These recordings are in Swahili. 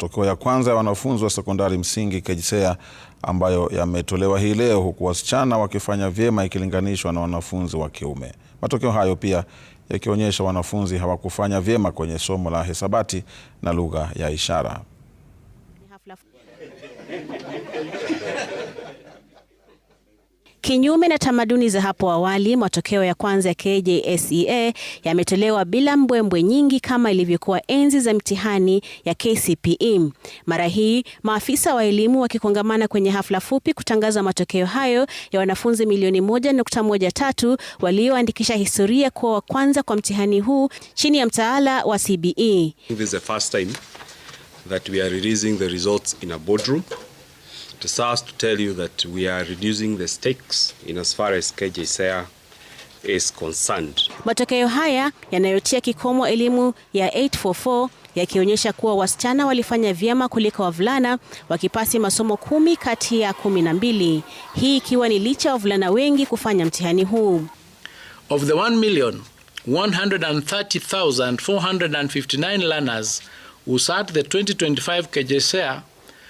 matokeo ya kwanza ya wanafunzi wa sekondari msingi Kejisea ambayo yametolewa hii leo, huku wasichana wakifanya vyema ikilinganishwa na wanafunzi wa kiume. Matokeo hayo pia yakionyesha wanafunzi hawakufanya vyema kwenye somo la hesabati na lugha ya ishara. Kinyume na tamaduni za hapo awali, matokeo ya kwanza ya KJSEA yametolewa bila mbwembwe nyingi kama ilivyokuwa enzi za mtihani ya KCPE. Mara hii maafisa wa elimu wakikongamana kwenye hafla fupi kutangaza matokeo hayo ya wanafunzi milioni 1.13 walioandikisha historia kuwa wa kwanza kwa mtihani huu chini ya mtaala wa CBE. This is the first time that we are releasing the results in a boardroom to SARS to tell you that we are reducing the stakes in as far as KJSEA is concerned. Matokeo haya yanayotia kikomo elimu ya 844 yakionyesha kuwa wasichana walifanya vyema kuliko wavulana wakipasi masomo kumi kati ya kumi na mbili, hii ikiwa ni licha ya wavulana wengi kufanya mtihani huu. Of the 1,130,459 learners who sat the 2025 KJSEA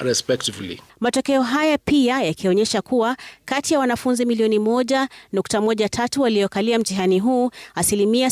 respectively. Matokeo haya pia yakionyesha kuwa kati ya wanafunzi milioni moja nukta moja tatu waliokalia mtihani huu, asilimia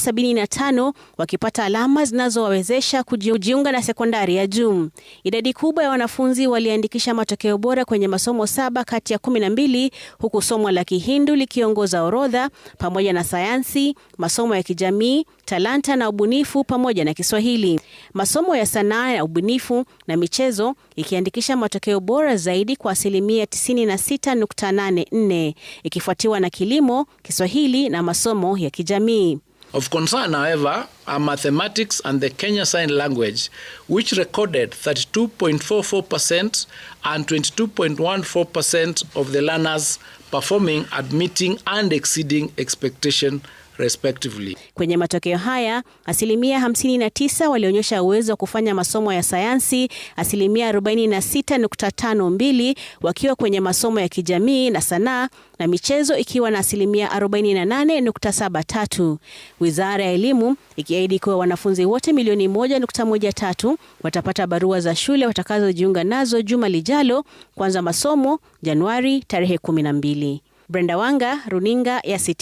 tano wakipata alama zinazowawezesha kujiunga na sekondari ya juu. Idadi kubwa ya wanafunzi waliandikisha matokeo bora kwenye masomo saba kati ya kumi na mbili, huku somo la Kihindu likiongoza orodha pamoja na sayansi, masomo ya kijamii, talanta na ubunifu pamoja na Kiswahili masomo ya sanaa ya ubunifu na michezo ikiandikisha matokeo bora zaidi kwa asilimia 96.84 ikifuatiwa na kilimo, Kiswahili na masomo ya kijamii. Of concern, however, are mathematics and the Kenya Sign Language, which recorded 32.44% and 22.14% of the learners performing and exceeding expectation respectively. Kwenye matokeo haya, asilimia 59 walionyesha uwezo wa kufanya masomo ya sayansi, asilimia 46.52 wakiwa kwenye masomo ya kijamii na sanaa na michezo ikiwa na asilimia 48.73. Wizara ya Elimu ikiahidi kuwa wanafunzi wote milioni 1.13 watapata barua za shule watakazojiunga nazo juma lijalo kuanza masomo Januari tarehe 12. Brenda Wanga, Runinga ya Citizen.